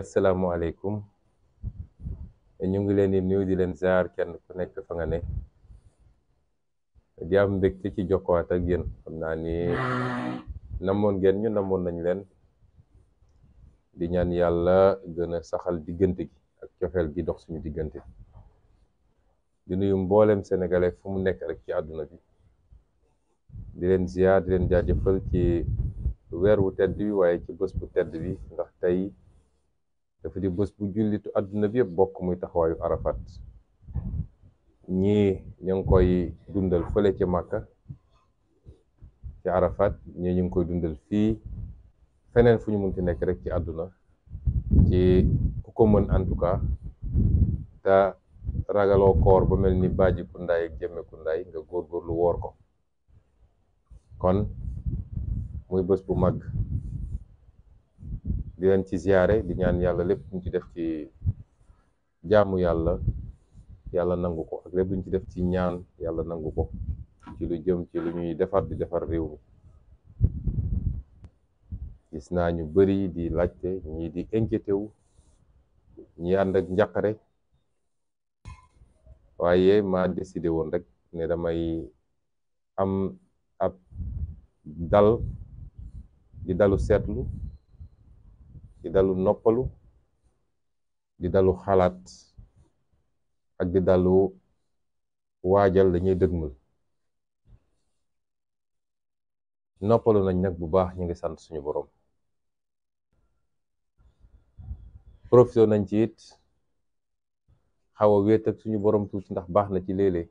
asalaamualeykum ñu ngi leen di nuyu di leen ziar kenn ku nekk fa nga ne di am mbégte ci jokkowaat ak yéen xam naa ni namoon ngeen ñu namoon nañ leen di ñaan yàlla gën saxal diggante gi ak cofeel gi dox suñu diggante di nuyu mboolem sénégalais fu mu nekk rek ci àdduna bi di leen ziar di leen jaajëfal ci weer wu tedd bi waaye ci bës bu tedd bi ndax tey dafa di bés bu jullitu àdduna bi yëpp bokk muy taxawaayu arafat ñii ñu ngi koy dundal fële ci màkka ci arafat ñii ñu ngi koy dundal fii feneen fu ñu munti nekk rek ci àdduna ci ku ko mën en tout cas te ragaloo koor ba mel ni baaji ku ndaay ak jëmme ku ndaay nga woor ko kon muy bés bu mag di leen ci ziyaare di ñaan yàlla lépp luñ ci def ci jaamu yàlla yàlla nangu ko ak lépp luñ ci def ci ñaan yàlla nangu ko ci lu jëm ci lu ñuy defar di defar réew mi gis naa ñu bari di laajte ñii di inquiété wu ñi ànd ak njàqare waaye maa décidé woon rek ne damay am ab dal di dalu seetlu di dalu noppalu di dalu xalaat ak di dalu waajal dañuy dëgmal noppalu nañ nag bu baax ñu ngi sant suñu boroom profité nañ ci it xaw a wéet ak suñu borom tuuti ndax baax na ci léeg-léeg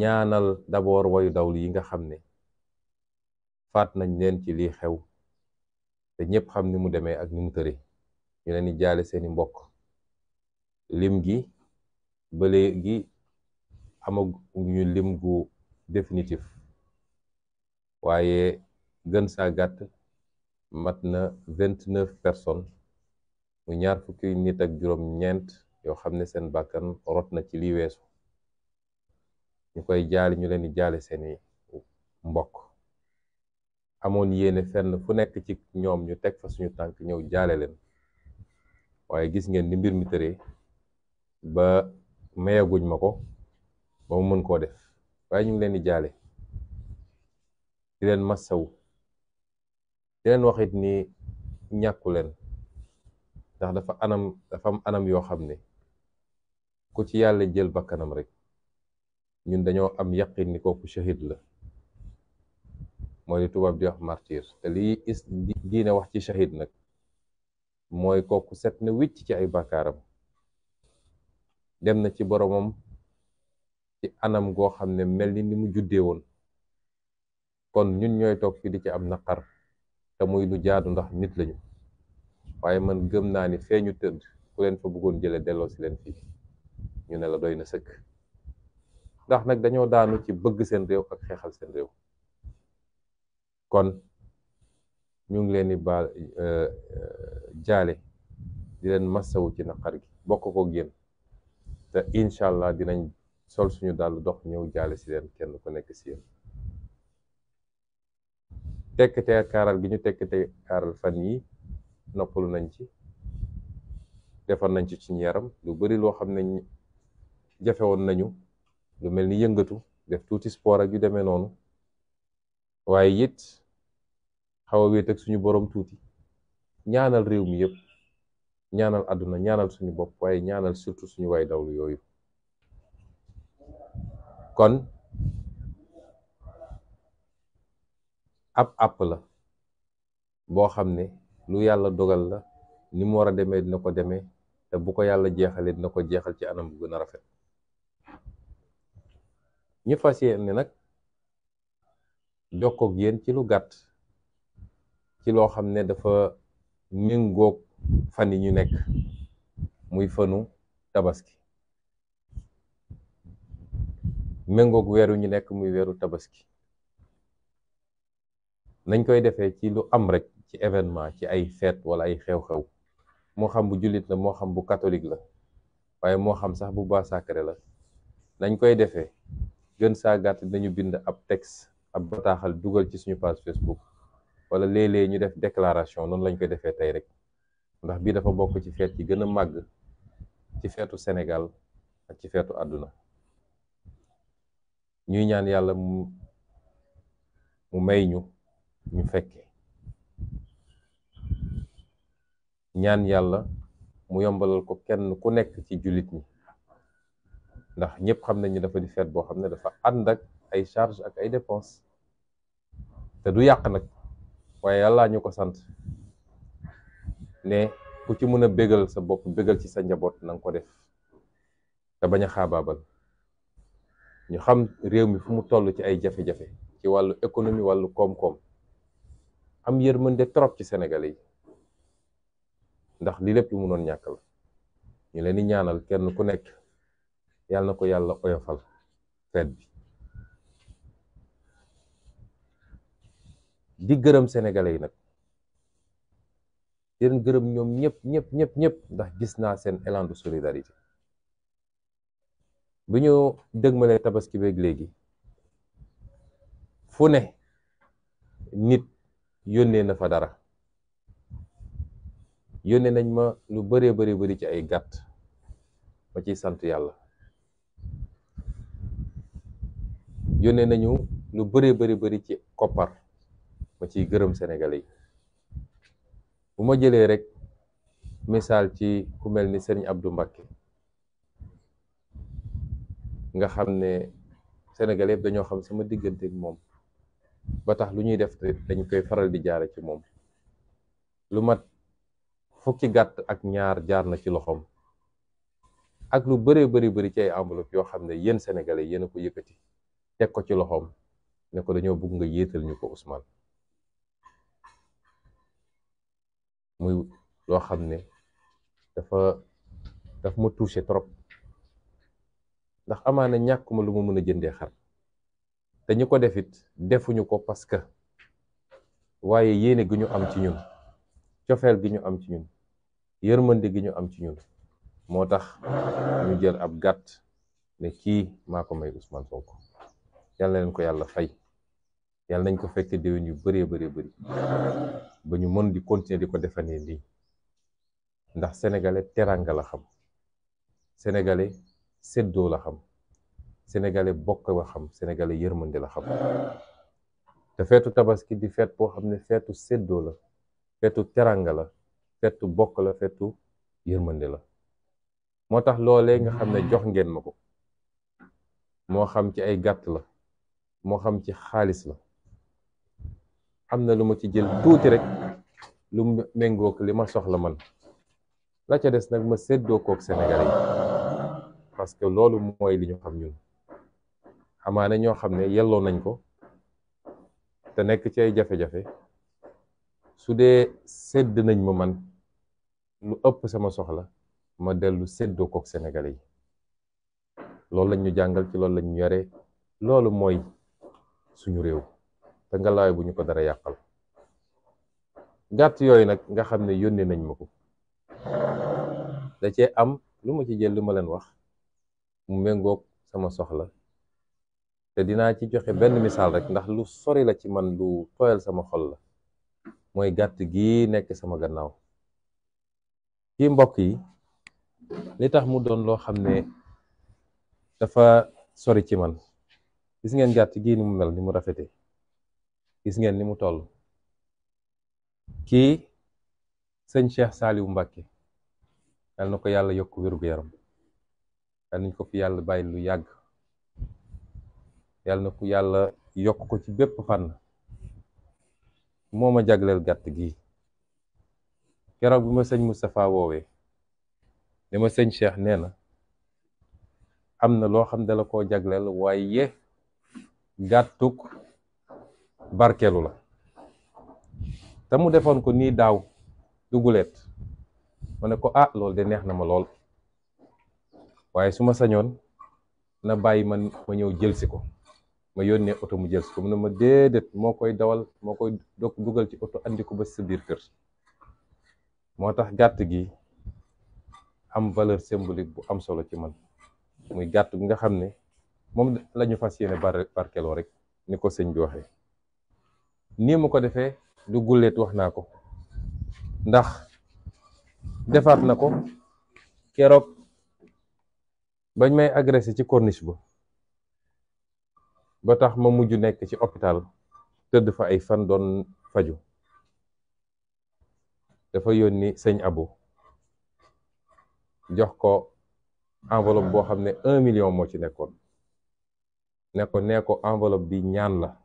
ñaanal d'abord wayu dawlu yi nga xam ne faat nañ leen ci lii xew te ñëpp xam ni mu demee ak ni mu tëre ñu leen di jaale seeni mbokk lim gi ba léegi amaguñu lim gu définitif waaye gën saa gàtt mat na vingt neuf personnes mu ñaar fukki nit ak juróom ñeent yoo xam ne seen bàkkan rot na ci li weesu ñu koy jaale ñu leen di jaale seeni mbokk amoon yéene fenn fu nekk ci ñoom ñu teg fa suñu tànk ñëw jaale leen waaye gis ngeen ni mbir mi tëree ba mayaguñ ma ko ba mu mën koo def waaye ñu ngi leen di jaale di leen massawu di leen waxit ni ñàkku leen ndax dafa anam dafa am anam yoo xam ne ku ci yàlla jël bakkanam rek ñun dañoo am yaqin ni kooku shahid la mooy li tubaab di wax martyr te lii is diine wax ci shahid nag mooy kooku set na wicc ci ay bàkkaaram dem na ci boromam ci anam goo xam ne mel ni ni mu juddee woon kon ñun ñooy toog fii di ci am naqar te muy lu jaadu ndax nit lañu waaye man gëm naa ni fee ñu tëdd ku leen fa buggoon jële delloo si leen fii ñu ne la doy na sëkk ndax nag dañoo daanu ci bëgg seen réew ak xeexal seen réew kon ñu ngi leen di baal eh, eh, jaale di leen massawu ci naqar gi bokk ko génn te incha allah dinañ sol suñu dàll dox ñëw jaale si leen kenn ku nekk si yéen tekkte kaaral gi ñu tekkte kaaral fan yi noppalu nañ ci defar nañ ci ci yaram lu bari loo xam ne jafewoon nañu lu mel ni yëngatu def tuuti sport ak yu demee noonu waaye it xaw a wéet ak suñu boroom tuuti ñaanal réew mi yépp ñaanal àdduna ñaanal suñu bopp waaye ñaanal surtout suñu way dawlu yooyu kon ab àpp la boo xam ne lu yàlla dogal la ni mu war a demee dina ko demee te bu ko yàlla jeexalee dina ko jeexal ci anam bu gën a rafet ñu fas yéene nag jokkoog yéen ci lu gàtt ci loo xam ne dafa méngoog fan yi ñu nekk muy fanu tabaski méngoog weeru ñu nekk muy weeru tabaski nañ koy defee ci lu am rek ci événement ci ay fête wala ay xew-xew moo xam bu jullit la moo xam bu katolik la waaye moo xam sax bu baa sacré la nañ koy defee gën saa gàtt dañu bind ab texte ab bataaxal dugal ci suñu page Facebook wala léeg-léeg ñu def déclaration noonu lañ koy defee tey rek ndax bii dafa bokk ci feet ci gën a màgg ci feetu Sénégal ak ci feetu àdduna ñuy ñaan yàlla mu mu may ñu ñu fekke ñaan yàlla mu yombalal ko kenn ku nekk ci jullit ñi ndax ñëpp xam ñu dafa di feet boo xam ne dafa ànd ak ay charge ak ay dépense te du yàq nag waaye yàllaa ñu ko sant ne ku ci mën a bégal sa bopp bégal ci sa njaboot na nga ko def te bañ a xaabaabal ñu xam réew mi fu mu toll ci ay jafe-jafe ci wàllu économie wàllu koom-koom am yërmande trop ci Sénégalais yi ndax li lépp lu mu noon ñàkk la ñu leen di ñaanal kenn ku nekk yàlla na ko yàlla oyofal fête bi di gërëm sénégalais yi nag di gërëm ñoom ñëpp ñëpp ñëpp ñëpp ndax gis naa seen élan solidarité bi ñu dëgmalee tabaski beeg léegi fu ne nit yónnee na fa dara yónnee nañ ma lu bëree bëri bëri ci ay gàtt ma ciy sant yàlla yónnee nañu lu bëree bëri bëri ci koppar ma ciy gërëm Sénégalais yi bu ma jëlee rek misaal ci ku mel ni Serigne Abdou Mbacké nga xam ne Sénégalais dañoo xam sama diggante ak moom ba tax lu ñuy def dañ koy faral di jaare ci moom lu mat fukki gàtt ak ñaar jaar na ci loxoom ak lu bëree bëri bëri ci ay enveloppe yoo xam ne yéen Sénégalais yéen a ko yëkkati teg ko ci loxoom ne ko dañoo bëgg nga yéetal ñu ko Ousmane muy loo xam ne dafa daf ma touché trop ndax amaana ñàkkuma lu ma mën a jëndee xar dañu ñu ko defit defuñu ko parce que waaye yéene gi ñu am ci ñun cofeel gi ñu am ci ñun yërmande gi ñu am ci ñun moo tax ñu jël ab gàtt ne kii maa ko may Ousmane Sonko yàlla leen ko yàlla fay yàlla nañ ko fekkee déwén yu baree bëree bëri ba ñu mën di continuer di ko defanee nii ndax sénégalais teranga la xam sénégalais séddoo la xam sénégalais bokk la xam sénégalais yërmande la xam te feetu tabaski di feet boo xam ne feetu séddoo la feetu teranga la feetu bokk la feetu yërmande la moo tax loolee nga xam ne jox ngeen ma ko moo xam ci ay gàtt la moo xam ci xaalis la am na lu ma ci jël tuuti rek lu méngook li ma soxla man la ca des nag ma séddoo kook Sénégalais yi parce que loolu mooy li ñu xam ñun amaana ñoo xam ne yelloo nañ ko te nekk ci ay jafe-jafe su dee sedd nañ ma man lu ëpp sama soxla ma dellu seddoo kook Sénégalais yi loolu lañ ñu jàngal ci loolu lañu ñu loolu mooy suñu réew te ngalaay bu ñu ko dara yàqal gàtt yooyu nag nga xam ne yónnee nañ ma ko da cee am lu ma ci jël lu ma leen wax mu méngoog sama soxla te dinaa ci joxe benn misaal rek ndax lu sori la ci man lu tooyal sama xol la mooy gàtt gii nekk sama gannaaw ki mbokk yi li tax mu doon loo xam ne dafa sori ci man gis ngeen gàtt gii ni mu mel ni mu rafetee gis ngeen ni mu toll kii sëñ Cheikh Saliou Mbacké yal na ko yàlla yokk wér-gu-yaram nañ ko fi yàlla bàyyi lu yàgg na ku yàlla yokk ko ci bépp fànn moo ma jagleel gàtt gi keroog bi ma sëñ Moustapha woowee ne sëñ Cheikh nee na am na loo xam dala koo jagleel waaye gàttuk barkeelu la te mu defoon ko nii daaw duguleet ma ne ko ah loolu de neex na ma lool waaye su ma sañoon na bàyyi man ma ñëw jëlsi ko ma yónnee oto mu jëlsi ko mu ne ma déedéet moo koy dawal moo koy dok dugal ci oto andi ko ba sa biir kër moo tax gàtt gi am valeur symbolique bu am solo ci man muy gàtt bi nga xam ne moom la ñu fas yéene barkeloo rek ni ko sëñ bi waxee nii mu ko defee du gulleet wax naa ko ndax defaat na ko keroog bañ may agressé ci corniche ba ba tax ma mujj nekk ci hôpital tëdd fa ay fan doon faju dafa yónni sëñ Abo jox ko enveloppe boo xam ne un million moo ci nekkoon nekko ko nee ko enveloppe bi ñaan la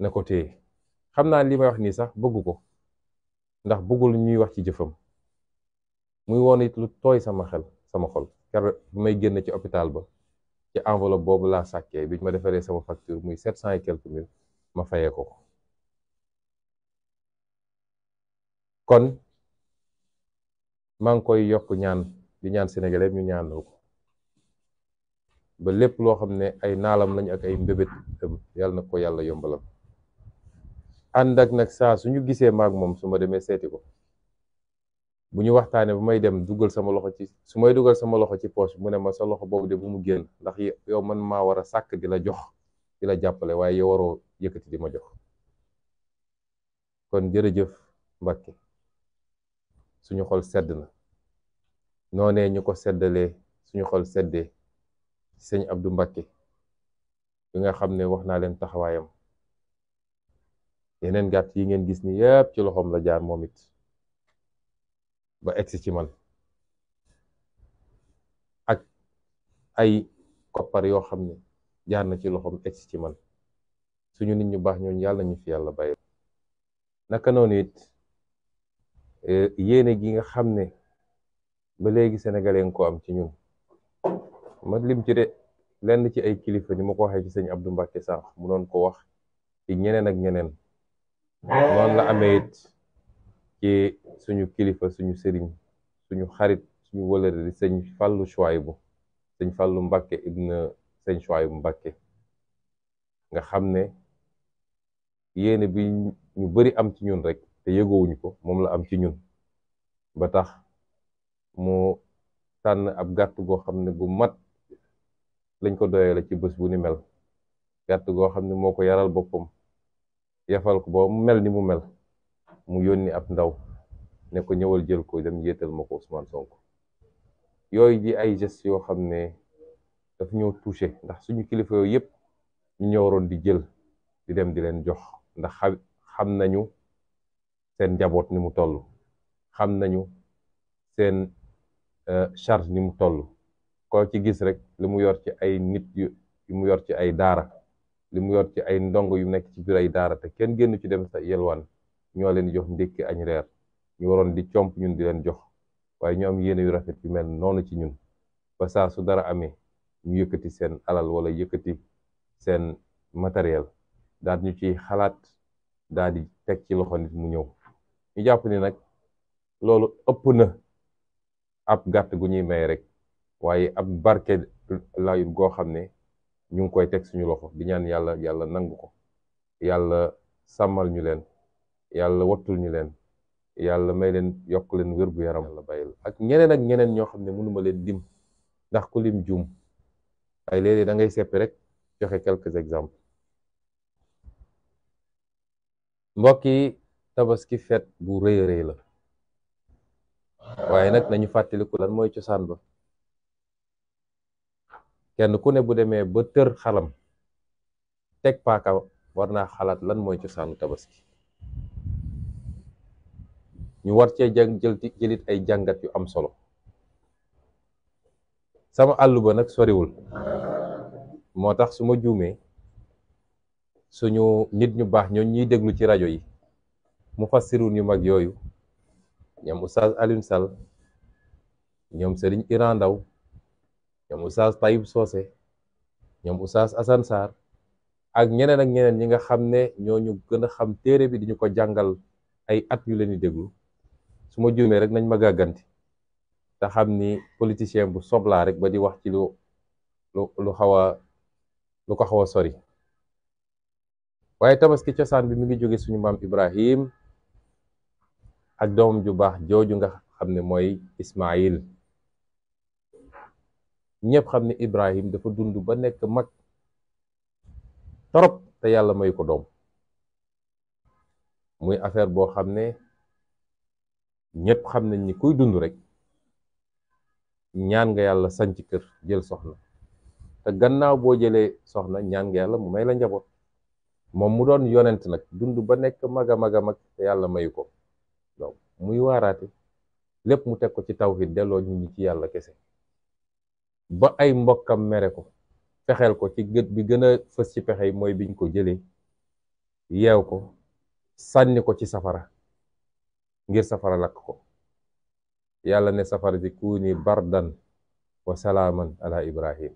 na ko téye xam naa lii may wax nii sax bëggu ko ndax bëggul ñuy wax ci jëfam muy woon it lu tooy sama xel sama xol car bi may génn ci hôpital ba ci enveloppe boobu laa sàkkee bi ñu ma defaree sama facture muy sept cent et quelques mille ma fayee ko ko kon maa ngi koy yokk ñaan di ñaan sénégalais ñu ñaanal ko ba lépp loo xam ne ay naalam lañu ak ay mbébét yàlla nag ko yàlla yombalam ànd ak nag saa su ñu gisee maak moom su ma demee seeti ko bu ñu waxtaanee bu may dem dugal sama loxo ci su may dugal sama loxo ci poche mu ne ma sa loxo boobu de bu mu génn ndax yow man maa war a sàkk di la jox di la jàppale waaye yow waroo yëkkati di ma jox kon jërëjëf Mbacke suñu xol sedd na noonee ñu ko seddalee suñu xol seddee sëñ Abdou Mbacke bi nga xam ne wax naa leen taxawaayam. yeneen gàtt yi ngeen gis ni yëpp ci loxoom la jaar moom ba egsi ci man ak ay koppar yoo xam ne jaar na ci loxoom egsi ci man suñu nit ñu baax ñooñu yàlla ñu fi yàlla bay naka noonu it e, yéene gi nga xam ne ba léegi sénégalais nga ko am ci ñun ma lim ci de lenn ci ay kilifa ni ma ko waxee ci sëñ Abdou Mbacke sànq mu doon ko wax ci ñeneen ak ñeneen noonu la amee it ci suñu kilifa suñu sëriñ suñu xarit suñu wëlëre di sëñ Fàllu Chouaïbou sëñ Fàllu Mbàkke ibna sëñ Chouaïbou Mbàkke nga xam ne yéene bi ñu bari am ci ñun rek te yëgowuñu ko moom la am ci ñun ba tax mu tànn ab gàtt goo xam ne gu mat lañ ko doyale ci bés bu ni mel gàtt goo xam ne moo ko yaral boppam yafal ko ba mu mel ni mu mel mu yónni ab ndaw ne ñëwal jël ko dem yéetal ma ko Ousmane Sonko yooyu di ay gestes yoo xam ne daf ñoo touché ndax suñu kilifa yooyu yëpp ñu ñoo di jël di dem di leen jox ndax xam nañu seen njaboot ni mu toll xam nañu seen euh, charge ni mu toll koo ci gis rek li mu yor ci ay nit yu mu yor ci ay daara li mu yor ci ay ndongo yu nekk ci biir ay daara te kenn génn ci dem sa yelwaan ñoo leen di jox ndékki añ reer ñu waroon di comp ñun di leen jox waaye ñu am yéene yu rafet yu mel noonu ci ñun ba saa su dara amee ñu yëkkati seen alal wala yëkkati seen matériel daal ñu ciy xalaat daal di teg ci loxo nit mu ñëw ñu jàpp ni nag loolu ëpp na ab gàtt gu ñuy may rek waaye ab barke layut goo xam ne ñu ngi koy teg suñu loxo di ñaan yàlla yàlla nangu ko yàlla sàmmal ñu leen yàlla wattul ñu leen yàlla may leen yokk leen wér bu yaram la bàyyil ak ñeneen ak ñeneen ñoo xam ne mënuma leen lim ndax ku lim jum ay léeg-léeg da ngay seppi rek joxe quelques exemples mbokk tabaski fet bu rëy a rëy la waaye nag nañu fàttaliku lan mooy cosaan ba kenn ku ne bu demee ba tër xalam teg paaka war naa xalaat lan mooy cosaanu tabaski ñu war cee jàng jëlit ay jàngat yu am solo sama àll ba nag soriwul moo tax su ma juumee suñu nit ñu baax ñooñ ñuy déglu ci rajo yi mu fas fassirun yu mag yooyu ñoom Oustaz Alioune ñoom Serigne Iran Ndaw ñoom oustaz Tayib Socé ñoom oustaz Assane ak ñeneen ak ñeneen ñi nga xam ne ñoo ñu gën a xam téere bi di ñu ko jàngal ay at yu leen di déglu su ma juumee rek nañ ma gàgganti te xam ni politicien bu soblaa rek ba di wax ci lu lu lu xaw a lu ko xaw a sori waaye tabaski cosaan bi mu ngi jóge suñu maam Ibrahim ak doom ju baax jooju nga xam ne mooy Ismaayil ñëpp xam ne Ibrahim dafa dund ba nekk mag torop te yàlla may ko doom muy affaire boo xam ne ñëpp xam nañ ni kuy dund rek ñaan nga yàlla sanc kër jël soxna te gannaaw boo jëlee soxna ñaan nga yàlla mu may la njaboot moom mu doon yonent nag dund ba nekk mag a mag a mag te yàlla mayu ko donc muy waaraate lépp mu teg ko ci taw tawhid delloo nit ñi ci yàlla kese ba ay mbokkam mere ko fexeel ko ci gët bi gën a fës ci pexe yi mooy biñ ko jëlee yeew ko sànni ko ci safara ngir safara lakk ko yàlla ne safara ji kuuni bardan wa salaaman ala ibrahim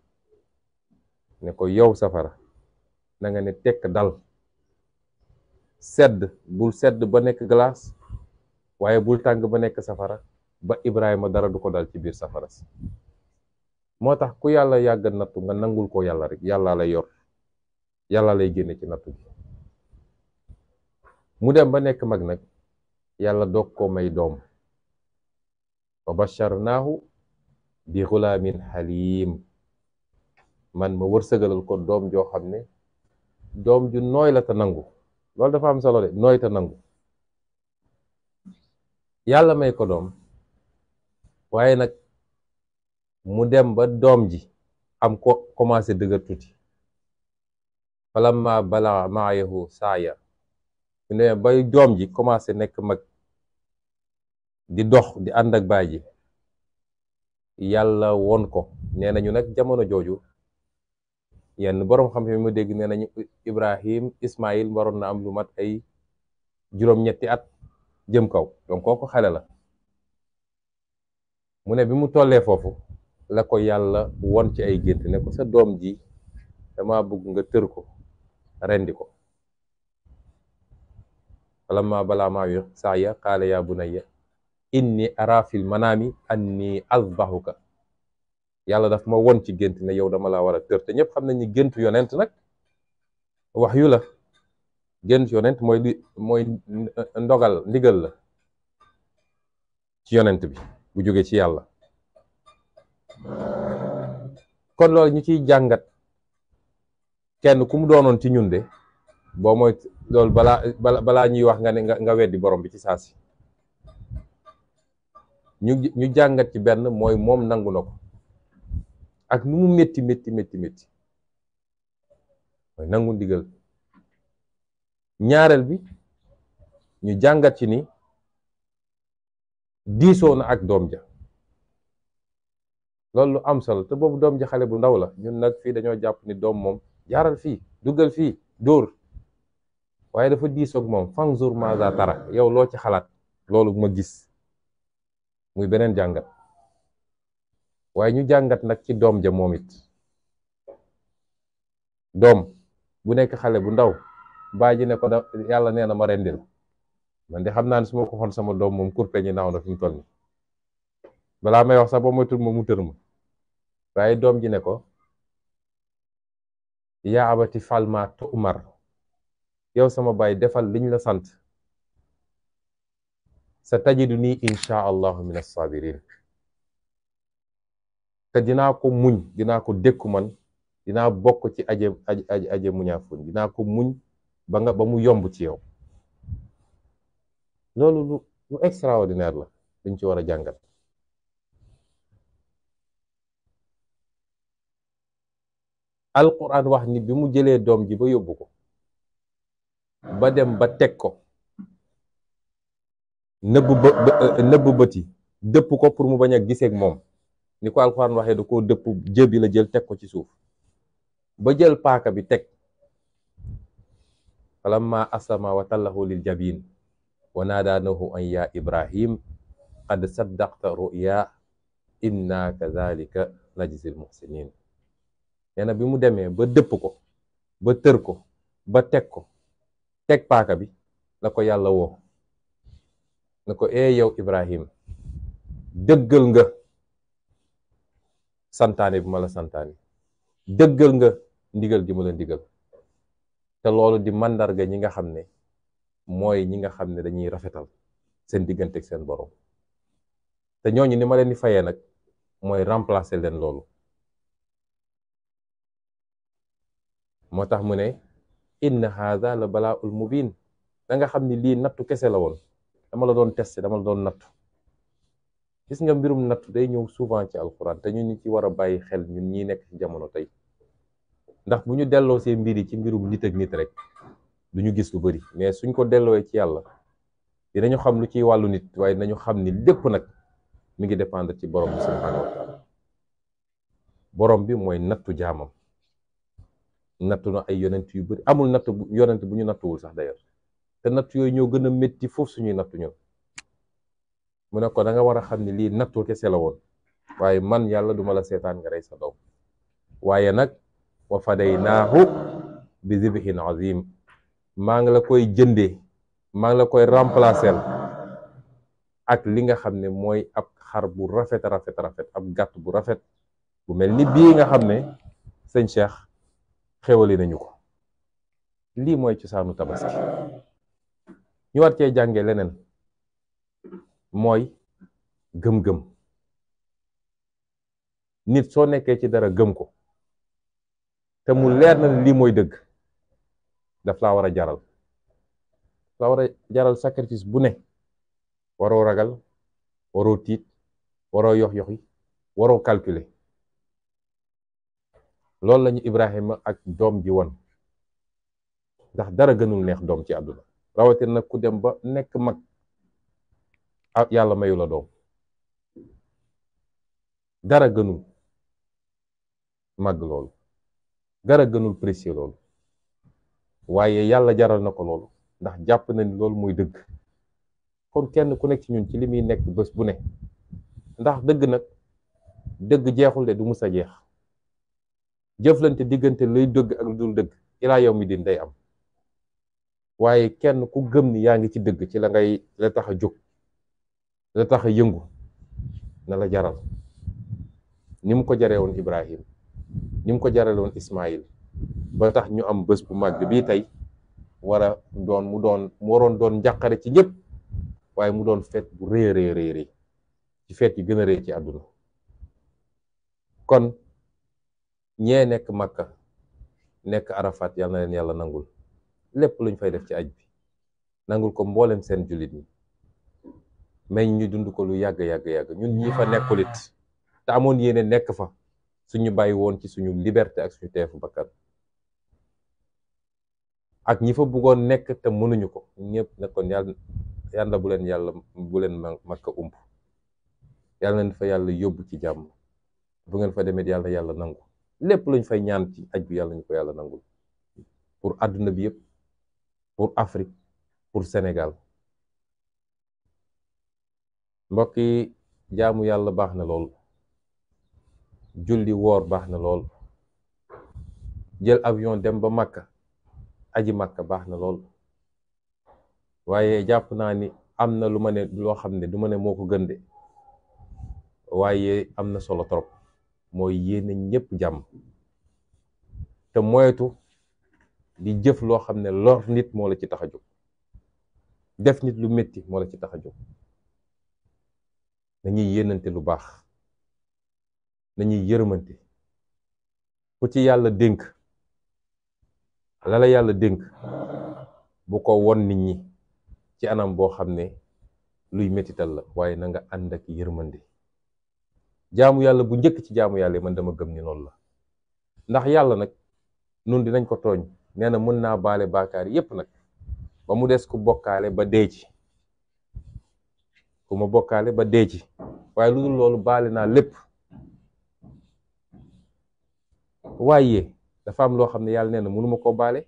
ne ko yow safara na nga ne tekk dal sedd bul sedd ba nekk glace waaye bul tàng ba nekk safara ba ibrahima dara du ko dal ci biir safara si moo tax ku yàlla yàgg nattu nga nangul ko yàlla rek yàlla lay yor yàlla lay génne ci nattu bi mu dem ba nekk mag nag yàlla doog ko may doom wa basharnaahu bi xulaamin xaliim man ma wërsëgalal ko doom joo xam ne doom ju nooy la te nangu loolu dafa am solo de nooy te nangu yàlla may ko doom waaye nag mu dem ba doom ji am ko commencé dëgër tuuti falamma balagha ma'ahu saaya mu ne bay doom ji commencé nekk mag di dox di ànd ak baay ji yàlla woon ko nee nañu nag jamono jooju yenn boroom xam fi mu dégg nee nañu Ibrahim Ismaïl waroon na am lu mat ay juróom-ñetti at jëm kaw donc kooku xale la mu ne bi mu tollee foofu la ko yàlla won ci ay gént ne ko sa doom ji dama bëgg nga tër ko rendi ko falamma balaa maa yor saa ya qaala yaa bunayya inni ara fil manaami anni azbahuka yàlla daf ma won ci gént na yow dama laa war a tër te ñëpp xam nañ ñi géntu yonent nag wax yu la gént yonent mooy li ndigal la ci yonent bi bu jóge ci yàlla kon loolu ñu ciy jàngat kenn ku mu doonoon ci ñun de boo mooy loolu balaa balaa ñuy wax nga ne nga weddi borom bi ci saa si ñu jàngat ci benn mooy moom nangu na ko ak nu mu métti métti métti métti mooy nangu ndigal ñaareel bi ñu jàngat ci ni diisoo na ak doom ja loolu lu am solo te boobu doom ji xale bu ndaw la ñun nag fii dañoo jàpp ni doom moom jaaral fii duggal fii dóor waaye dafa diisoog moom fanzur maza tara yow loo ci xalaat loolu ma gis muy beneen jàngat waaye ñu jàngat nag ci doom ja moom it doom bu nekk xale bu ndaw baa ji ne ko da yàlla nee na ma rendil man de xam naa ni su ko xoon sama doom moom kurpeñi naaw na fi mu toll nii balaa may wax sax ba moytul ma mu tër ma waaye doom ji ne ko yaa abati fal ma tu'mar yow sama baay defal liñ la sant sa tajidu nii insha allahu min assabirin te dinaa ko muñ dinaa ko dékku man dinaa bokk ci aje aje aje muñaafuñ ko muñ ba ba mu yomb ci yow loolu lu extraordinaire la dañ ci war a jàngat alquran wax ni bi mu jëlee doom ji ba yóbbu ko ba dem ba teg ko nëbb ba euh, nëbb bët dëpp ko pour mu bañ a giseeg moom ni ko alquran waxee da koo dëpp jëbi la jël teg ko ci suuf ba jël paaka bi teg falamma aslama wa tallahu lil jabin wa naadaanahu an yaa ibrahim qad saddaqta ruya inna kadhalika najzil muhsinin nee bi mu demee ba dëpp ko ba tër ko ba teg ko teg paaka bi la ko yàlla woo na ko ee yow Ibrahim dëggal nga santaane bi ma la santaane dëggal nga ndigal gi ma la ndigal te loolu di màndarga ñi nga xam ne mooy ñi nga xam ne dañuy rafetal seen diggante ak seen borom te ñooñu ni ma leen di fayee nag mooy remplacer leen loolu moo tax mu ne inna haada la balaa ul biin da nga xam ni lii nattu kese la woon dama la doon testé dama la doon nattu gis nga mbirum nattu day ñëw souvent ci alquran te ñu ñu ci war a bàyyi xel ñun ñi nekk ci jamono tey ndax bu ñu delloo see mbir yi ci mbirum nit ak nit rek du ñu gis lu bëri mais suñ ko delloowee ci yàlla dinañu xam lu ci wàllu nit waaye dinañu xam ni lépp nag mi ngi dépendre ci borom bi subhanahu wa borom bi mooy nattu jaamam nattu na ay yonent yu bëri amul natt yonent bu ñu nattuwul sax d'ailleurs te natt yooyu ñoo gën a métti foofu suñuy nattu ñun mu ne ko da nga war a xam ne lii nattu kese la woon waaye man yàlla duma la seetaan nga rey sa dow waaye nag wa fadaynaahu bi zibhin azim maa ngi la koy jëndee maa ngi la koy remplacer ak li nga xam ne mooy ab xar bu rafet rafet rafet ab gàtt bu rafet bu mel ni bii nga xam ne sëñ Cheikh xéwale nañu ko lii mooy cosaanu tabaski ñu war cee jànge leneen mooy gëm-gëm nit soo nekkee ci dara gëm ko te mu leer na lii mooy dëgg daf laa war a jaral daf laa war a jaral sacrifice bu ne waroo ragal waroo tiit waroo yox yoxi waroo calculer loolu lañu Ibrahima ak doom ji won ndax dara gënul neex doom ci àdduna rawatina nag ku dem ba nekk mag ah yàlla mayu la doom dara gënul màgg loolu dara gënul précieux loolu waaye yàlla jaral na ko loolu ndax jàpp na ni loolu muy dëgg kon kenn ku nekk ci ñun ci li muy nekk bés bu ne ndax dëgg nag dëgg jeexul de du mus a jeex jëflante diggante lay dëgg ak lu dul dëgg ilaa yow mi din day am waaye kenn ku gëm ni yaa ngi ci dëgg ci la ngay la tax a jóg la tax a yëngu na la jaral ni mu ko jaree woon Ibrahim ni mu ko jarale woon Ismaïl ba tax ñu am bés bu màgg bii tey wara a doon mu doon mu waroon doon njàqare ci ñëpp waaye mu doon feet bu rëy rëy rëy ci feet yi gën rëy ci àdduna kon ñee nekk Makka nekk Arafat yal na leen yàlla nangul lépp lu luñ fay def ci aj bi nangul ko mbooleen seen jullit ñi may ñu dund ko lu yàgg yàgg yàgg ñun ñi fa nekkul it te amoon yéene nekk fa suñu bàyyi woon ci suñu liberté ak suñu teefu bakkan ak ñi fa bëggoon nekk te mënuñu ko ñëpp nekkoon yàlla yàlla leen yàlla buleen Makka umb yàlla na fa yàlla yóbbu ci jàmm bu ngeen fa demee yàlla yàlla nangu. lépp lañ fay ñaan ci aj bi yàlla ñu ko yàlla nangul pour àdduna bi yëpp pour Afrique pour Sénégal mbokk yi jaamu yàlla baax na lool julli woor baax na lool jël avion dem ba Makka aji Makka baax na lool waaye jàpp naa ni am na lu ma ne loo xam ne du ma ne moo ko gën de waaye am na solo trop mooy yéene ñëpp jàmm te moyetu di jëf loo xam ne lor nit moo la ci tax a jóg def nit lu metti moo la ci tax a jóg nañuy yéenante lu baax nañuy yërëmante ku ci yàlla dénk la la yàlla dénk bu ko won nit ñi ci anam boo xam ne luy métital la waaye na nga ànd ak yërmande jaamu yàlla bu njëkk ci jaamu yàlla man dama gëm ni noonu la ndax yàlla nag nun dinañ ko tooñ nee na mën naa baale baakaar yépp nag ba mu des ku bokkaale ba dee ma bokkaale ba dee waaye lu dul loolu baale naa lépp waaye dafa am loo xam ne yàlla nee na mënuma koo baale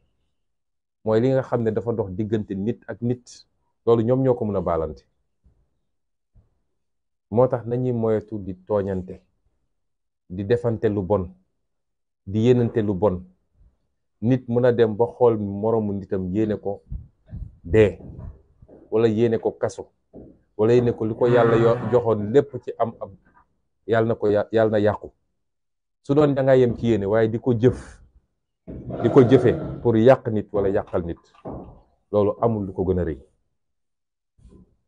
mooy li nga xam ne dafa dox diggante nit ak nit loolu ñoom ñoo ko mën a baalante moo tax nañuy moytu di tooñante di defante lu bon di yéenante lu bon nit mën a dem ba xool moroomu nitam yéene ko dee wala yéene ko kaso wala yéene ko li ko yàlla joxoon lépp ci am am yàlla na ko yàlla na yàqu su doon da nga yem ci yéene waaye di ko jëf di ko jëfe pour yàq nit wala yàqal nit loolu amul lu ko gën a rëy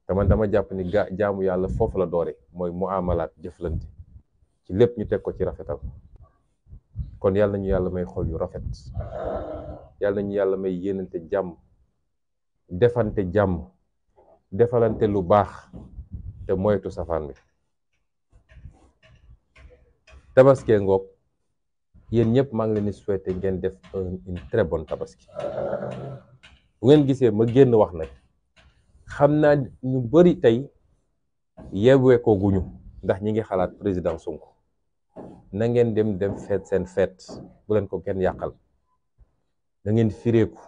te man dama jàpp ni ga jaamu yàlla foofu la doore mooy muamalaat jëflante ci lépp ñu teg ko ci rafetal kon yàlla ñu yàlla may xol yu rafet yàlla ñu yàlla may yéenante jàmm defante jàmm defalante lu baax te moytu safaan bi tabaskee ngoog yéen ñëpp maa ngi leen di ngeen def une très bonne tabaski bu ngeen gisee ma génn wax nag xam naa ñu bari tey yeewee kooguñu ndax ñi ngi xalaat président Sonko na ngeen dem dem feet seen feet bu leen ko kenn yàqal na ngeen fireeku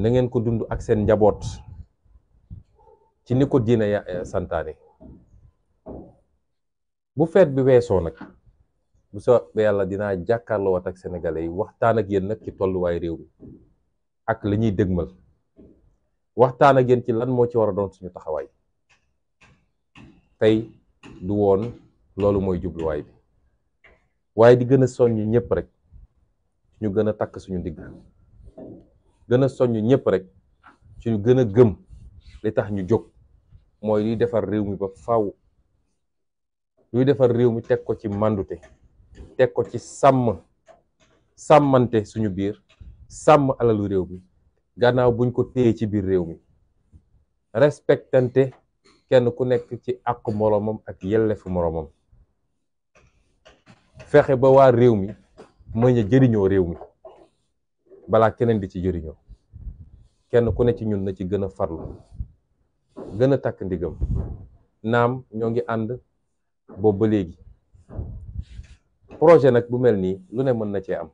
na ngeen ko dund ak seen njaboot ci ni ko diine eh, santaane bu feet bi weesoo nag bu soobee yàlla dinaa jàkkaarloo waat ak sénégalais yi waxtaan ak yéen nag ci tolluwaay réew mi ak la ñuy dëgmal waxtaan a yéen ci lan moo ci war a doon suñu taxawaay tey du woon loolu mooy jubluwaay bi waaye di gën a soññ ñëpp rek ñu gën a takk suñu ndigg gën a ñëpp rek suñu gën a gëm li tax ñu jóg mooy luy defar réew mi ba faw luy defar réew mi teg ko ci màndute teg ko ci sàmm sàmmante suñu biir sàmm alalu réew mi gannaaw buñ ko téye ci biir réew mi respectante kenn ku nekk ci àqu moroomam ak yellefu moroomam fexe ba waa réew mi mën a jëriñoo réew mi balaa keneen di ci jëriñoo kenn ku ne ci ñun na ci gën a farlu gën a takk ndigam naam ñoo ngi ànd boobu ba léegi projet nag bu mel nii lu ne mën na cee am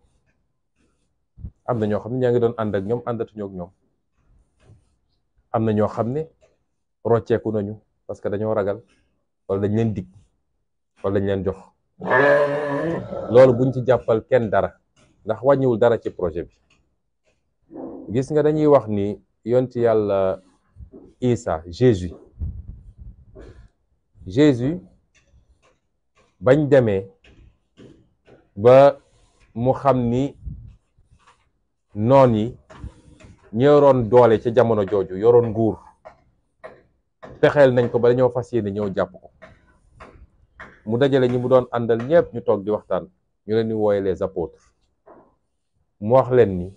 am na ñoo xam ne ñaa ngi doon ànd ak ñoom àndatuñoo ñoom am na ñoo xam ne rocceeku nañu parce que dañoo ragal wala dañ leen dig wala dañ leen jox loolu buñ ci jàppal kenn dara ndax wàññiwul dara ci projet bi gis nga dañuy wax ni yonti yàlla Isa Jésus Jésus bañ demee ba mu xam ni noon yi ñi yoroon doole ca jamono jooju yoroon nguur pexeel nañ ko ba dañoo fas yéene ñëw jàpp ko mu dajale ñi mu doon àndal ñëpp ñu toog di waxtaan ñu leen di wooye les apôtres mu wax leen ni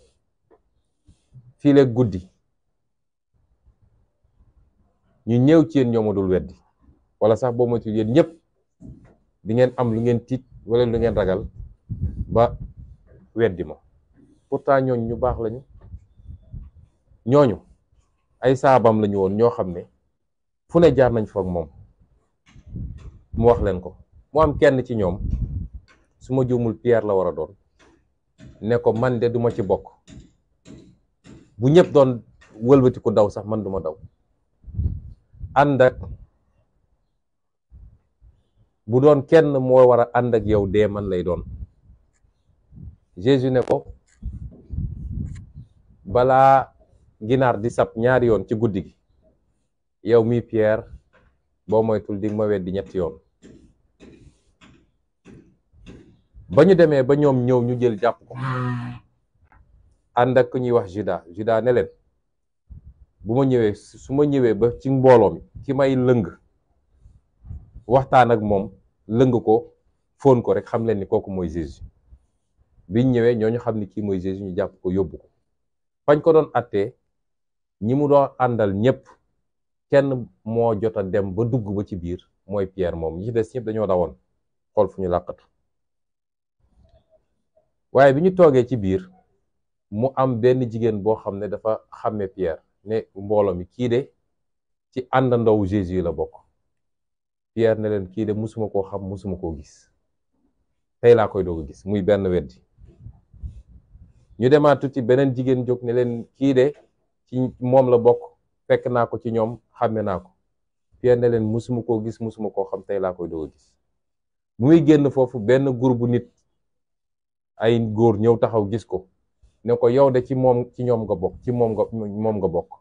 fii leeg guddi ñu ñëw ci yéen ñoo ma dul weddi wala sax boo moytul yéen ñëpp bi ngeen am lu ngeen tiit wala lu ngeen ragal ba weddi ma pourtant ñooñ ñu baax lañu ñooñu ay saabam lañu woon ñoo xam ne fu ne jaar nañ fa moom mu wax leen ko mu am kenn ci ñoom su ma juumul Pierre la war a doon ne ko man de duma ci bokk bu ñëpp doon wëlbatiku daw sax man duma daw ànd ak bu doon kenn moo war a ànd ak yow dee man lay doon Jésus ne ko balaa ginaar di sab ñaari yoon ci guddi gi yow mi Pierre boo moytul di ma weddi ñetti yoon ba ñu demee ba ñoom ñëw ñu jël jàpp ko ànd ak ñuy wax juda juda ne bu ma ñëwee su ma ñëwee ba ci mbooloo mi ki may lëng waxtaan ak moom lëng ko fóon ko rek xam leen ni kooku mooy Jésus biñ ñëwee ñu xam ni kii mooy Jésus ñu jàpp ko yóbbu ko fañ ko doon attee ñi mu doo àndal ñépp kenn moo jot a dem ba dugg ba ci biir mooy Pierre moom ñi des ñëpp dañoo dawoon xool fu ñu làqatu waaye bi ñu toogee ci biir mu am benn jigéen boo xam ne dafa xàmme Pierre ne mbooloo mi kii de ci àndandowu Jésus la bokk Pierre ne leen kii de musuma koo xam musuma koo gis tey laa koy doog a gis muy benn weddi ñu demaat tuuti beneen jigéen jóg ne leen kii de ci moom la bokk fekk naa ko ci ñoom xàmme naa ko Pierre ne leen musuma koo gis musuma koo xam tey laa koy doog a gis bu muy génn foofu benn groupe bu nit ay góor ñëw taxaw gis ko ne ko yow de ci moom nga bokk ci moom nga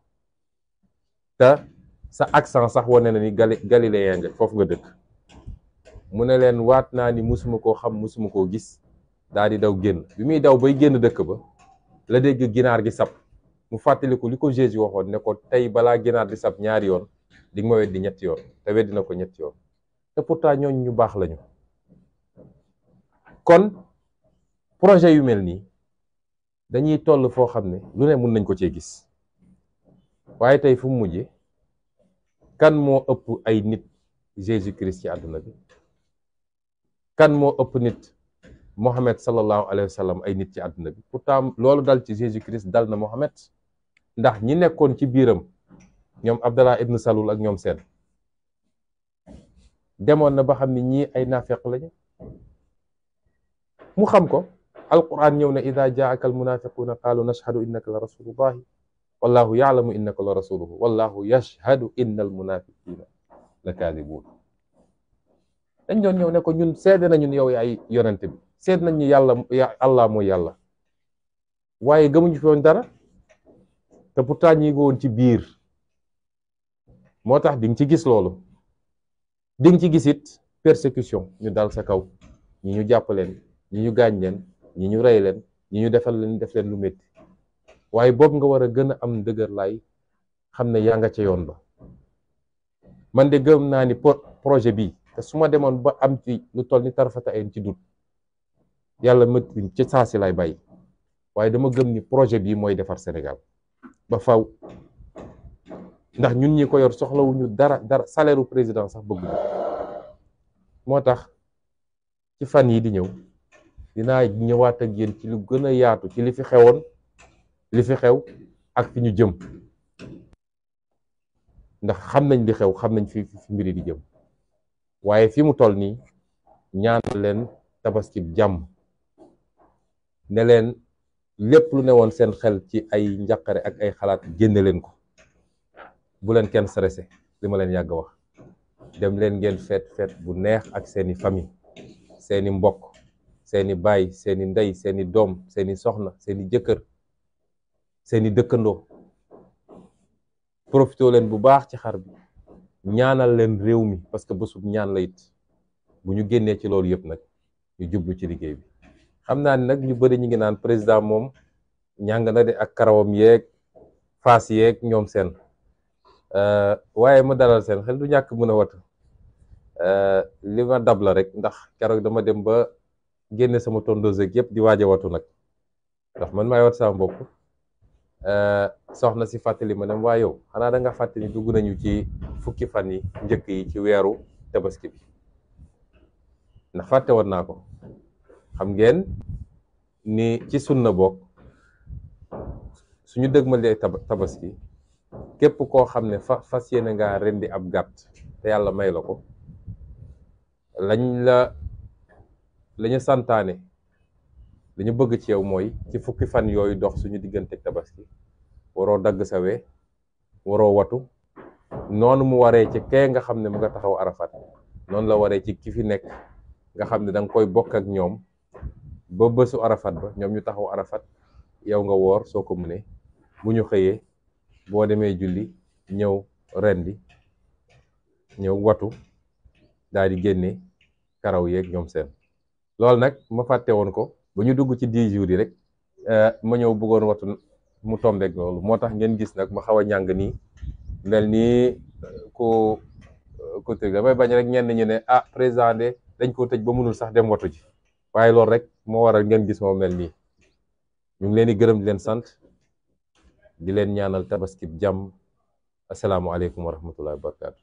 te sa accent sax wane na ni gali galiléen nga foofu nga dëkk mu ne leen waat naa ni musuma koo xam musuma koo gis daa di daw génn bi muy daw bay génn dëkk ba la dégg ginaar gi sab mu fàttali fàttaliku li ko Jésus waxoon ne ko tey balaa ginaar di sab ñaari yoon di nga ma weddi ñetti yoon te weddi na ko ñetti yoon te pourtant ñooñu ñu baax lañu kon projet yu mel nii dañuy toll foo xam ne lu ne mën nañ ko cee gis waaye tey fu mu mujjee kan moo ëpp ay nit Jésus Christ ci àdduna bi kan moo ëpp nit Mohamed sallallahu alayhi wa sallam ay nit ci àdduna bi pourtant loolu dal ci Jésus Christ dal na Mohamed ndax ñi nekkoon ci biiram ñoom Abdallah ibn Salul ak ñoom seen demoon na ba xam ni ñii ay naafeq lañu mu xam ko alquran ñëw na ida jaaka almunafiquna qaalu nashhadu innaka la rasulullahi wallahu yaalamu innaka la rasuluhu wallahu yashhadu inna almunafiqina la kaadibuun dañ doon ñëw ne ko ñun seede nañu yow yaay yonente bi seet nañ ñu yàlla allah mooy yàlla waaye gëmuñu fi woon dara te pourtant ñi ngi woon ci biir moo tax di nga ci gis loolu di ci gis it persécution ñu dal sa kaw ñi ñu jàpp leen ñi ñu gaañ leen ñi ñu rey leen ñi ñu defal leen def leen lu métti waaye boobu nga war a gën a am dëgër laay xam ne yaa nga ca yoon ba man de gëm naa ni projet bii te su ma demoon ba am ci lu toll ni tarfata ayn ci dut yàlla mët ci saa si lay bàyyi waaye dama gëm ni projet bii mooy defar Sénégal ba faw ndax ñun ñi ko yor soxlawuñu dara dara saleeru président sax bëgg moo tax ci fan yi di ñëw dinaa ñëwaat ak yéen ci lu gën a yaatu ci li fi xewoon li fi xew ak fi ñu jëm ndax xam nañ li xew xam nañ fi fi mbiri di jëm waaye fi mu toll nii ñaan leen tabaski jàmm ne leen lépp lu ne woon seen xel ci ay njaqare ak ay xalaat génne leen ko bu leen kenn stressé li ma leen yàgg wax dem leen ngeen feet feet bu neex ak seeni famille seeni mbokk seeni baay seeni ndey seeni doom seeni soxna seeni jëkkër seeni dëkkandoo profité leen bu baax ci xar bi ñaanal leen réew mi parce que bésub ñaan la it bu ñu génnee ci loolu yëpp nag ñu jublu ci liggéey bi xam naa ni nag ñu bëri ñu ngi naan président moom ñàng na de ak karawam yéeg faas yeeg ñoom seen euh, waaye ma dalal seen xel du ñàkk mën a wat euh, li ma dab la rek ndax keroog dama dem ba génne sama tondeuse yëpp di waaje watu nag ndax man maay wat sama bopp euh, soxna si fàttali ma ne waa yow xanaa da nga fàttali dugg nañu ci fukki fan yi njëkk yi ci weeru tabaski bi ndax fàtte woon naa ko xam ngeen ni ci sunna bokk suñu dëgmalee tabaski képp koo xam ne fa fas yéene ngaa rendi ab gàtt te yàlla may la ko lañ la lañu santaane li bëgg ci yow mooy ci fukki fan yooyu dox suñu diggante tabaski waroo dagg sa waroo watu noonu mu waree ci kee nga xam ne mu nga taxaw arafat noonu la waree ci ki fi nekk nga xam ne da koy bokk ak ñoom ba bésu arafat ba ñoom ñu taxaw arafat yow nga woor soo ko mënee bu ñu xëyee boo demee julli ñëw rendi ñëw watu daal di génne karaw yeeg ñoom seen loolu nag ma fàtte woon ko ba ñu dugg ci dix jours yi rek eh, ma ñëw buggoon watu mu tombeeg loolu moo tax ngeen gis nag ma xaw a ñàng nii mel nii eh, ku eh, ku tëj damay bañ rek ñenn ñu ne ah président de dañ koo tëj ba mënul sax dem watu ji waaye loolu rek moo waral ngeen gis moo mel nii ñu ngi leen di gërëm leen sant di leen ñaanal tabaski jàmm asalaamualeykum wa rahmatullahi wa barakatu